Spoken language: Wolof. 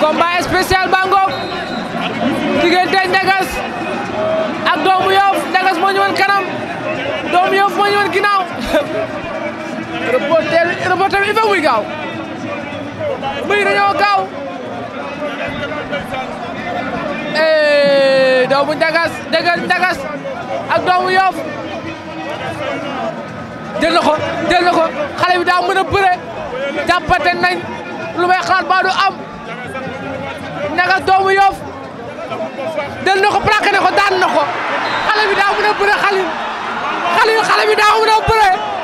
combat spécial Bangok diggante Ndegas ak doomu Yoff Ndegas moo ñu woon kanam doomu Yoff moo ñu woon ginnaaw reporter reporter bi il faut muy gaaw muy dañoo gaaw yow bu njagas dëgër doomu yoof jël ko jël ko xale bi daa mën a nañ lu may xalaat am njagas doomu yoof jël ko plaqué ko daan na ko xale bi daa mën a bëre xalil xalil xale bi daa mën